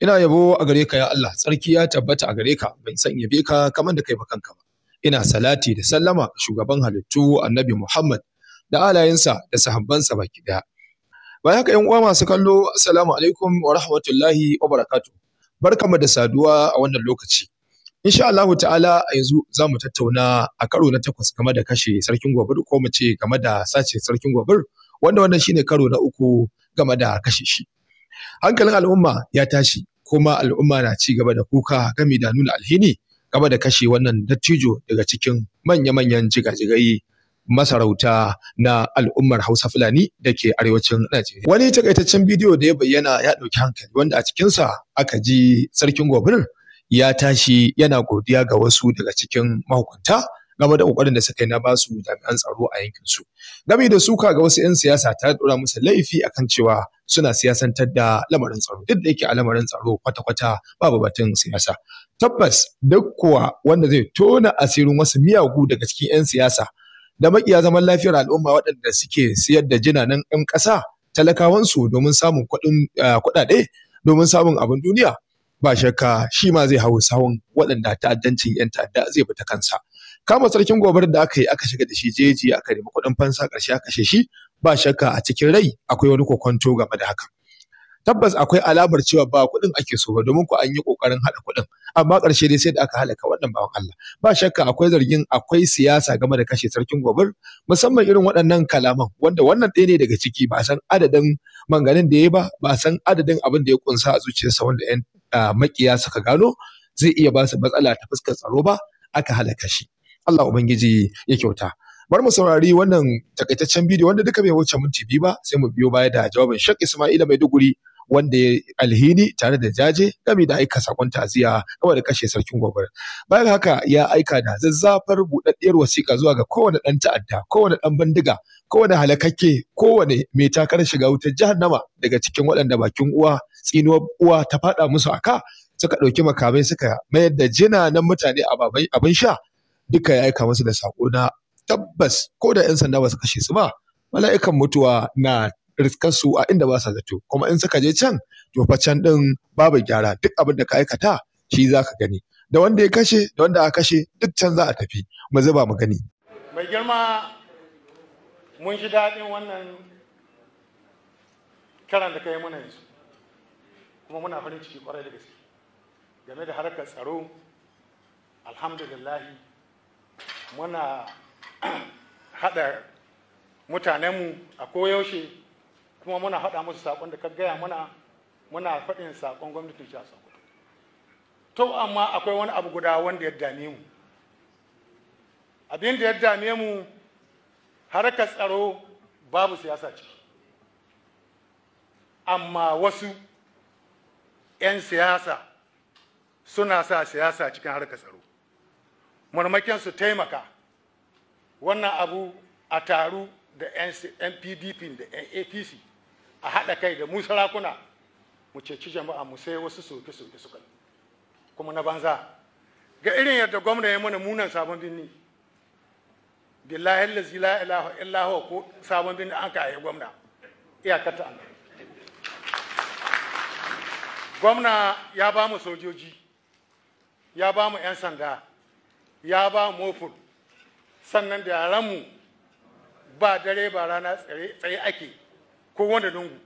ina yabo a gare ka ya Allah tsarki ya tabbata a gare ka bai san yabe ka kamar da kai ba kanka ba ina salati da sallama shugaban halittu annabi Muhammad da alayensa da sahabbansa baki daya bayan haka yan uwa masu kallo assalamu alaikum wa rahmatullahi wa barakatuh barkamu da saduwa a wannan lokaci insha Allahu ta'ala a yanzu za mu tattauna a karo na takwas game da kashe sarkin gobir ko mu ce game da sace sarkin gobir wanda wannan shine karo na uku game da kashe shi hankalin al'umma ya tashi kuma al'umma na ci gaba da kuka gami da nuna alhini gaba da kashe wannan dattijo daga cikin manya-manyan jigajigai masarauta na al'ummar Hausa Fulani da ke arewacin Najeriya. Wani takaitaccen bidiyo da ya bayyana ya ɗauki hankali wanda a cikinsa aka ji sarkin gobirin ya tashi yana godiya ga wasu daga cikin mahukunta game da kokarin da suka yi na ba su jami'an tsaro a yankin su game da suka ga wasu 'yan siyasa ta dora musu laifi akan cewa suna siyasantar da lamarin tsaro duk da yake a lamarin tsaro kwata-kwata babu batun siyasa tabbas duk kuwa wanda zai tona asirin wasu miyagu daga cikin 'yan siyasa da makiya zaman lafiyar al'umma waɗanda suke siyar da jinanan 'yan ƙasa talakawansu domin samun eh, kuɗaɗe domin samun abin duniya ba shakka shi ma zai hau sahun waɗanda ta'addancin 'yan ta'adda zai fita kansa kama sarkin gobar da aka yi aka shiga da shi jeji aka nemi kuɗin fansa ƙarshe aka shi ba shakka a cikin rai akwai wani kokonto game da haka tabbas akwai alamar cewa ba kuɗin ake so ba domin ku an yi ƙoƙarin haɗa kuɗin amma ƙarshe dai sai da aka halaka wannan bawan Allah ba shakka akwai zargin akwai siyasa game da kashe sarkin gobar musamman irin waɗannan kalaman wanda wannan ɗaya ne daga ciki ba san adadin manganin da ya ba ba san adadin abin da ya kunsa a zuciyarsa wanda yan ah, makiya suka gano zai iya ba su matsala ta fuskar tsaro ba aka halaka shi Allah ubangiji ya kyauta bar mu saurari wannan takaitaccen bidiyo wanda duka bai wuce minti biyu ba sai mu biyo baya da jawabin shak Ismaila Maiduguri wanda ya alhini tare da jaje game da aika sakon taziya kawai da kashe sarkin gobar bayan haka ya aika da zazzafar buɗaɗɗiyar wasiƙa zuwa ga kowane ɗan ta'adda kowane ɗan bandiga kowane halakakke kowane mai takarar shiga wutar jahannama daga cikin waɗanda bakin uwa tsinuwar uwa ta faɗa musu aka suka ɗauki makamai suka mayar da jina na mutane a abin sha duka ya aika masu da sako na tabbas ko da 'yan sanda ba su kashe su ba mala'ikan mutuwa na su a inda ba sa zato kuma in suka je can to fa can din babu gyara duk abin da ka aikata shi za ka gani da wanda ya kashe da wanda aka kashe duk can za a tafi mu zuba mu gani mai girma mun ji daɗin wannan karan da ka mana yanzu kuma muna farin ciki kwarai da gaske game da harkar tsaro alhamdulillah. muna haɗa mutanenmu a koyaushe kuma muna haɗa musu saƙon da ka gaya mana muna faɗin saƙon gwamnatin a sokoto to amma akwai wani abu guda wanda ya dame mu abin da ya dame mu harkar tsaro babu siyasa ce, amma wasu 'yan siyasa suna sa siyasa cikin harkar tsaro marmakin su taimaka wannan abu a taru da npdp da apc a haɗa kai da mu sarakuna mu ceci jama'a mu sai wasu soke-soke suka kuma na banza ga irin yadda gwamna ya mana munan sabon birni billahi lazi la ilaha ko sabon birni an ka gwamna iyakar ta gwamna ya ba mu sojoji ya ba mu 'yan sanda ya ba mofur sannan da yaranmu ba dare ba rana tsaye ake ko wanda lungu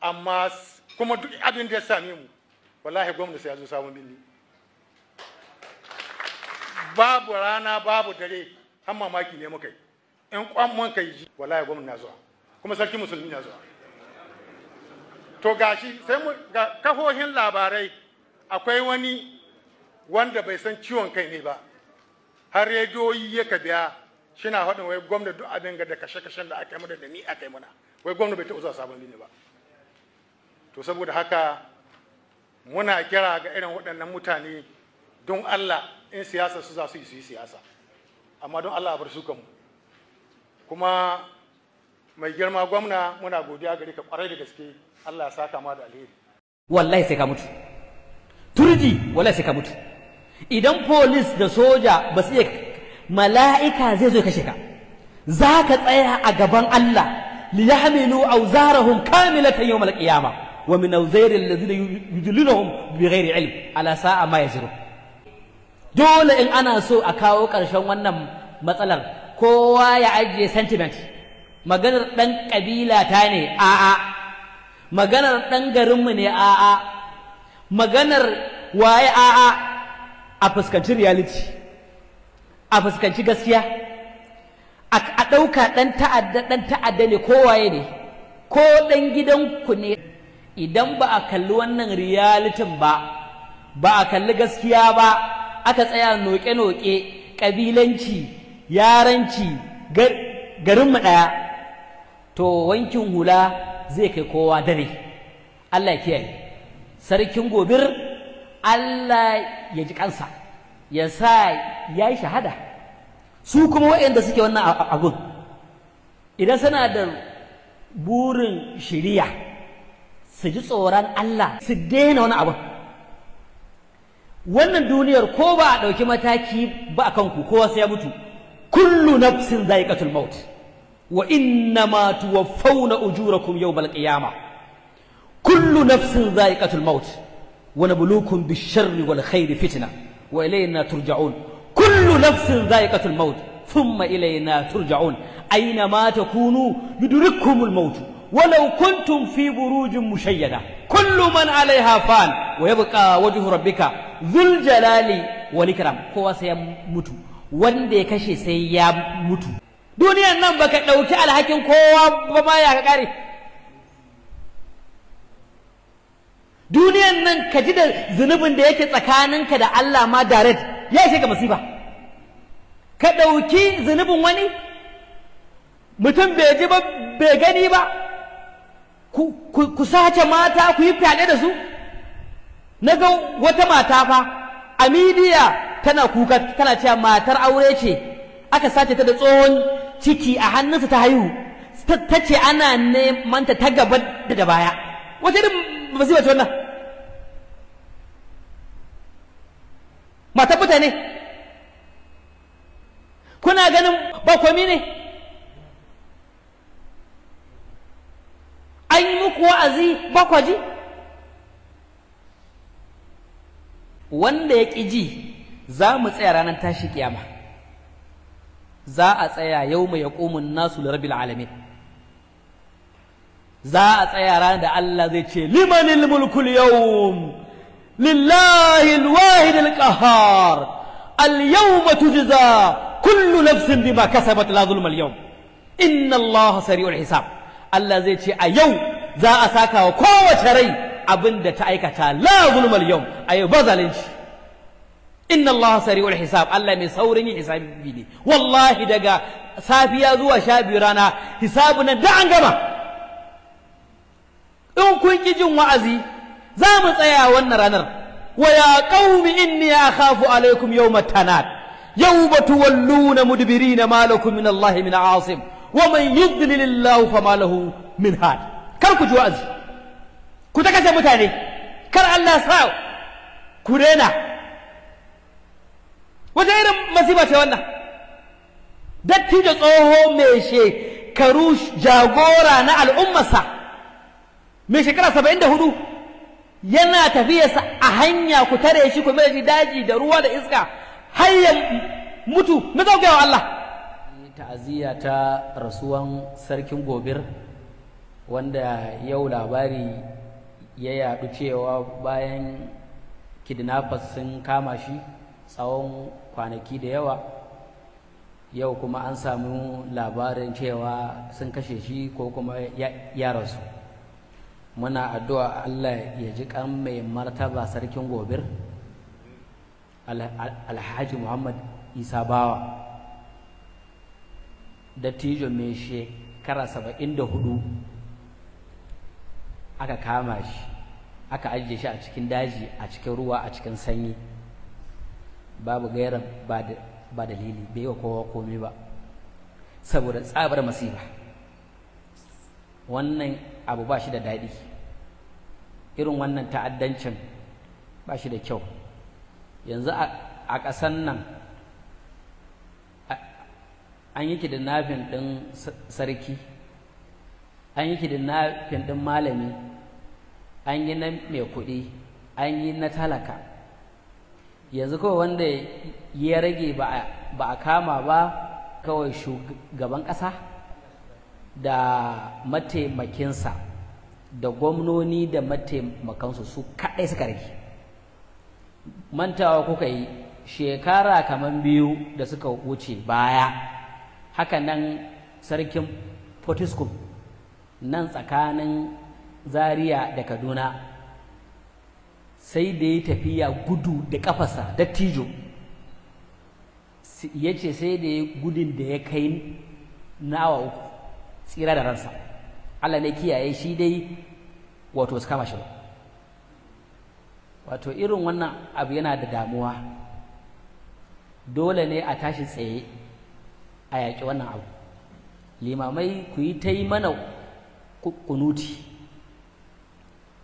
amma kuma duk abin da ya same mu wallahi gwamnati ya zo sabon birni babu rana babu dare har mamaki ne muka yi in kwamman kai ji wallahi gwamnati na zuwa kuma sarki musulmi na zuwa to gashi sai mu ga kahohin labarai akwai wani wanda bai san ciwon kai ne ba har rediyoyi ya ka biya shina faɗin wai gwamna duk abin ga da kashe-kashen da aka yi mana da ni aka yi mana wai gwamna bai taɓa zuwa sabon ne ba to saboda haka muna kira ga irin waɗannan mutane don Allah in siyasa su za su yi su yi siyasa amma don Allah a bar su kanmu kuma mai girma gwamna muna godiya gare ka kwarai da gaske Allah ya saka ma da alheri wallahi sai ka mutu turji wallahi sai ka mutu idan polis da soja ba su iya mala'ika zai zo kashe ka za ka tsaya a gaban Allah liyaminu auzarahum awzarahum kamilatan yawm al wa min awzari alladhina yudlilhum bighairi ilm ala sa'a ma yazru dole in ana so a kawo ƙarshen wannan matsalar kowa ya ajiye sentiment maganar ɗan ƙabila ta ne a'a maganar ɗan garinmu ne a'a maganar waye a'a a fuskanci reality a fuskanci gaskiya a ɗauka ɗan ta'adda ɗan ta'adda ne kowaye ne ko ɗan gidanku ne idan ba a kalli wannan realitin ba ba a kalli gaskiya ba aka tsaya noke-noke ƙabilanci yaranci garinmu ɗaya to wankin hula zai kai kowa dare Allah ya kiyaye sarkin gobir Allah ya ji kansa ya sa ya yi shahada su kuma waɗanda suke wannan abun idan suna da burin shiriya su ji tsoron Allah su daina wani abu wannan duniyar ko ba a ɗauki mataki ba a kanku kowa sai ya mutu kullu nafsin za'iqatul maut wa inna ma tuwaffawna ujurakum yawmal qiyamah kullu nafsin za'iqatul maut ونبلوكم بالشر والخير فتنة وإلينا ترجعون كل نفس ذائقة الموت ثم إلينا ترجعون أينما تكونوا يدرككم الموت ولو كنتم في بروج مشيدة كل من عليها فان ويبقى وجه ربك ذو الجلال والإكرام هو سيموت wanda ya kashe sai ya mutu duniyan nan baka ɗauki alhakin kowa ba ma ya kare duniyan nan ka ji da zunubin da yake tsakaninka da Allah ma direct ya ishe ga masifa ka ɗauki zunubin wani mutum bai ji ba bai gani ba ku sace mata ku yi fyaɗe da su na ga wata mata fa a midiya tana kuka tana cewa matar aure ce aka sace ta da tsohon ciki a hannunsa ta haihu ta ce ana neman ta gaba da baya wata irin masifa ce wannan matan ne kuna ganin ba komi ne an yi muku wa'azi ba ji? wanda ya ƙi ji za mu tsaya ranar tashi kiyama za a tsaya yau mai yaƙumun nasu da rabin alamin za a tsaya ranar da Allah zai ce limanin mulkul yau. لله الواحد القهار اليوم تجزى كل نفس بما كسبت لا ظلم اليوم إن الله سريع الحساب الذي يأتي أيو ذا أساكا وكوة شري أبند تأيكا لا ظلم اليوم أي أيوة، بذلنش إن الله سريع الحساب الله من سورني حساب بني والله دقا سافيا ذو شابرانا حسابنا دعنقما إن كنت جمع أزي za mu tsaya wannan ranar wa ya qaumi inni akhafu alaikum yawma tanad ba tuwalluna mudbirina ma lakum min Allah min asim wa man yudlil Allah fama lahu min had kar ku ji wa'azi ku ta kace mutane kar Allah sa ku rena wata irin masiba ce wannan dattijo tsoho mai shekaru jagora na al'ummarsa mai shekara saba'in da hudu yana tafiyarsa a hanya ku tare shi ku mai daji da ruwa da iska har ya mutu me zaukewa wa Allah ta'aziyya ta rasuwan sarkin gobir wanda yau labari ya yaɗu cewa bayan kidnappers sun kama shi tsawon kwanaki da yawa yau kuma an samu labarin cewa sun kashe shi ko kuma ya rasu muna addu'a Allah ya ji kan mai martaba sarkin gobir alhaji muhammad isa bawa dattijo mai shekara saba'in da hudu aka kama shi aka ajiye shi a cikin daji a cikin ruwa a cikin sanyi babu gairan ba dalili bai wa kowa komai ba saboda tsabar masifa wannan abu ba shi da daɗi irin wannan ta'addancin ba shi da kyau yanzu a ƙasan nan an yi kidnapping ɗin sarki an yi kidnapping ɗin malami an yi na mai kuɗi an yi na talaka yanzu kawai wanda ya rage ba a kama ba kawai shugaban ƙasa da mataimakinsa da gwamnoni da mataimakansu su kaɗai suka rage mantawa kuka yi shekara kamar biyu da suka wuce baya Haka nan sarkin Potiskum, nan tsakanin zaria da kaduna sai da ya tafiya gudu da ƙafasa dattijo ya ce sai da ya gudun da ya kai na uku tsira da ransa Allah ne kiyaye shi dai wato su kama shi ba wato irin wannan abu yana da damuwa dole ne a tashi tsaye a yaƙi wannan abu limamai ku yi ta yi mana kunuti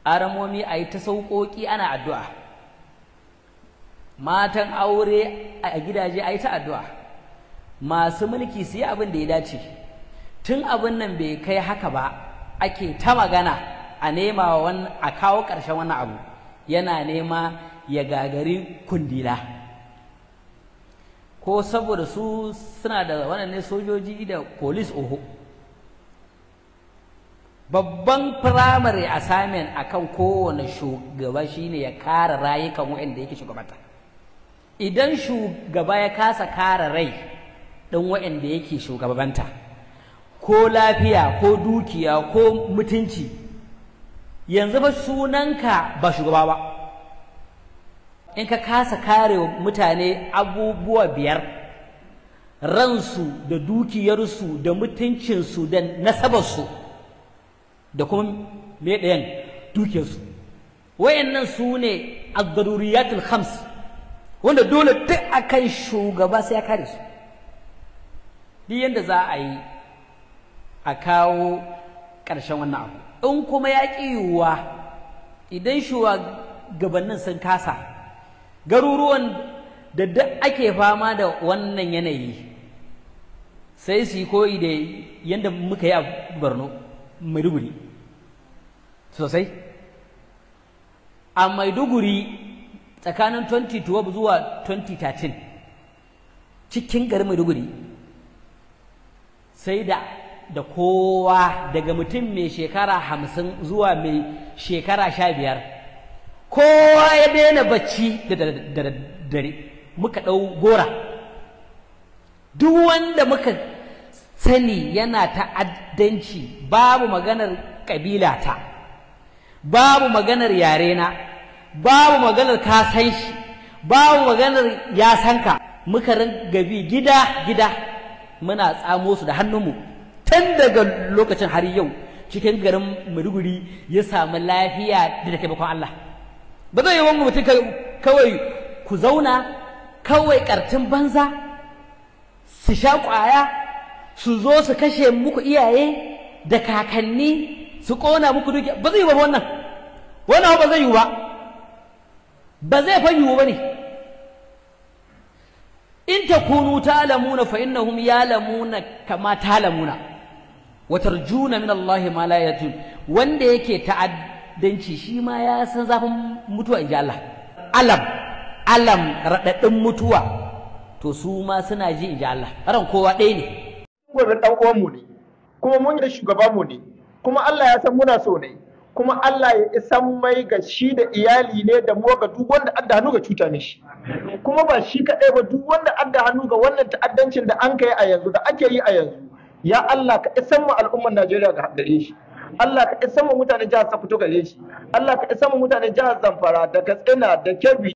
aramomi a yi ta sauƙoƙi ana addu'a matan aure a gidaje a yi ta addu'a masu mulki su yi abin da ya dace tun abin nan bai kai haka ba ake ta magana a nema a kawo ƙarshen wani abu yana nema ya gagari kundila ko saboda su suna da wannan sojoji da polis oho babban firamare assignment kan kowane shugaba shine ya kara rayukan waɗanda yake shugabata idan shugaba ya kasa kara rai ɗin waɗanda yake shugabanta ko lafiya ko dukiya ko mutunci yanzu ba sunanka ba shugaba ba in ka kasa kare mutane abubuwa biyar ransu da dukiyarsu da mutuncinsu da nasabarsu da kuma me ɗayan dukiyarsu wayannan su ne al khams wanda dole duk akan shugaba sai ya kare su duk yadda za a yi a kawo ƙarshen wannan abu in kuma ya ƙi yiwuwa idan shugabannin sun kasa garuruwan da duk ake fama da wannan yanayi sai su yi koyi da yadda muka yi a borno maiduguri sosai a maiduguri tsakanin 2012 zuwa 2013 cikin garin maiduguri sai da da kowa daga mutum mai shekara hamsin zuwa mai shekara sha biyar kowa ya daina bacci da dare muka ɗau gora duk wanda muka sani yana ta'addanci babu maganar ƙabila ta babu maganar yare na babu maganar ka shi babu maganar yasanka, muka ringa bi gida gida muna tsamo su da hannunmu tun daga lokacin har yau cikin garin Maiduguri ya samu lafiya da taimakon Allah ba zai yi wani mutum kawai ku zauna kawai kartin banza su sha ƙwaya su zo su kashe muku iyaye da kakanni su ƙona muku dukiya ba zai yi ba wannan wannan ba zai yi ba ba zai fa yiwu ba ne in ta kunu ta lamuna fa innahum lamuna kama ta lamuna. watarjuna min Allah ma la yajun wanda yake ta'addanci shi ma ya san zafin mutuwa ji Allah alam alam radadin mutuwa to su ma suna ji ji Allah ran kowa ɗaya ne gurin dan uwan mu ne kuma mun da shugaba mu ne kuma Allah ya san muna so ne kuma Allah ya isan mai ga shi da iyali ne da mu ga duk wanda adda hannu ga cuta shi, kuma ba shi kaɗai ba duk wanda adda hannu ga wannan ta'addancin da an kai a yanzu da ake yi a yanzu ya Allah ka isan mu al'ummar Najeriya ga gare shi Allah ka isan mu mutanen jihar Sokoto gare shi Allah ka isan mu mutanen jihar Zamfara da Katsina da Kebbi